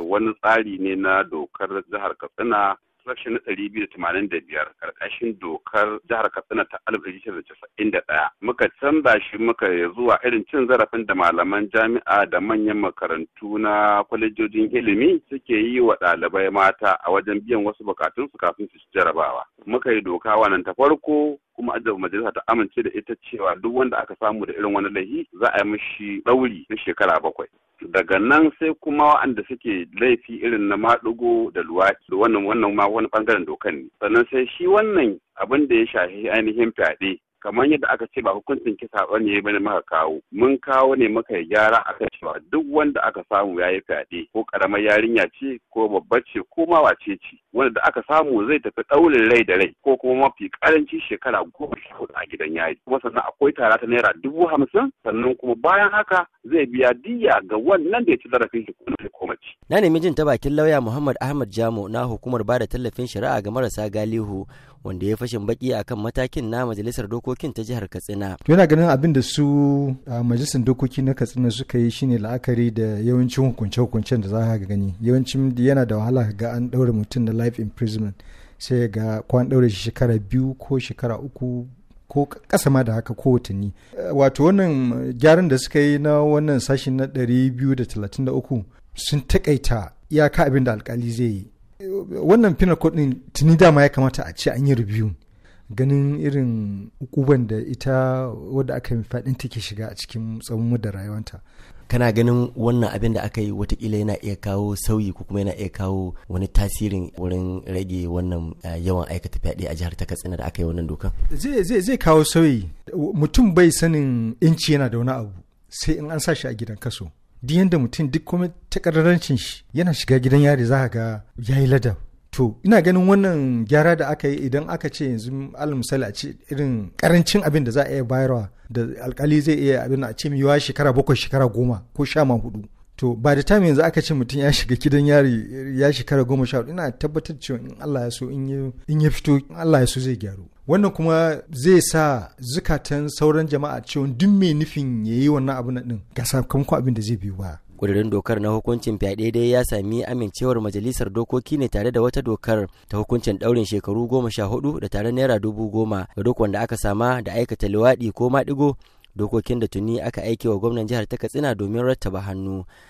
wato wani tsari ne na dokar jihar katsina section na ɗari biyu da tamanin da biyar ƙarƙashin dokar jihar katsina ta alif ɗari shida da casa'in da ɗaya muka canza shi muka zuwa irin cin zarafin da malaman jami'a da manyan makarantu na kwalejojin ilimi suke yi wa ɗalibai mata a wajen biyan wasu bukatun su kafin su jarabawa muka yi doka wannan ta farko kuma ajabu majalisa ta amince da ita cewa duk wanda aka samu da irin wani laifi za a yi mishi ɗauri na shekara bakwai daga nan sai kuma waɗanda suke laifi irin na maɗugo da luwaki wannan wannan ma wani ɓangaren dokan ne sannan sai shi wannan abin da ya shafi ainihin fyaɗe kamar yadda aka ce ba hukuncin kisa ba ne bane maka kawo mun kawo ne maka ya gyara akan cewa duk wanda aka samu ya yi fyaɗe ko karamar yarinya ce ko babba ce ko ma wace ce wanda da aka samu zai tafi ɗaurin rai da rai ko kuma mafi ƙaranci shekara goma sha hudu a gidan yari kuma sannan akwai tara ta naira dubu hamsin sannan kuma bayan haka zai biya diya ga wannan da ya ci zarafin shi ko mace. Na nemi jin ta bakin lauya Muhammad Ahmad Jamo na hukumar bada tallafin shari'a ga marasa galihu wanda ya fashin baki akan matakin na majalisar dokokin ta jihar katsina yana ganin abin da su majalisar dokoki na katsina suka yi shine la'akari da yawancin hukunce-hukuncen da za ka gani yawancin yana da wahala ga an ɗaure mutum da life imprisonment sai ga kwan ɗaure shi shekara biyu ko shekara uku ko kasa ma da haka ko watanni wato wannan gyaran da suka yi na wannan sashin na 233 sun takaita iyaka abin da alkali zai yi wannan fina code din tuni dama ya kamata a ce an yi review ganin irin ukuban da ita wadda aka yi fadin take shiga a cikin tsawon da rayuwanta kana ganin wannan abin da aka yi watakila yana iya kawo sauyi ko kuma yana iya kawo wani tasirin wurin rage wannan eh, yawan aikata fyaɗe a jihar ta katsina da aka yi wannan dokan zai kawo sauyi mutum bai sanin inci yana da wani abu sai in an sa shi a gidan kaso duk yanda mutum duk kuma takararrancin shi yana shiga gidan yari za ga ya yi ladab to ina ganin wannan gyara da aka yi idan aka ce yanzu alamisali, a ce irin karancin abin da za a iya bayarwa da alkali zai iya abin a ce yiwa shekara bakwai shekara goma ko sha ma hudu to ba da time yanzu aka ce mutum ya shiga gidan yari ya shekara goma sha hudu ina tabbatar cewa in Allah ya so in ya fito in Allah ya so zai gyaru wannan kuma zai sa zukatan sauran jama'a cewa duk mai nufin ya yi wannan abu na ɗin ga sakamakon abin da zai biyu ba ƙudurin dokar na hukuncin fyaɗe dai ya sami amincewar majalisar dokoki ne tare da wata dokar ta hukuncin ɗaurin shekaru goma sha hudu da tare naira dubu goma ga duk wanda aka sama da aikata liwaɗi ko maɗigo dokokin da tuni aka aike wa gwamnan jihar ta katsina domin rattaba hannu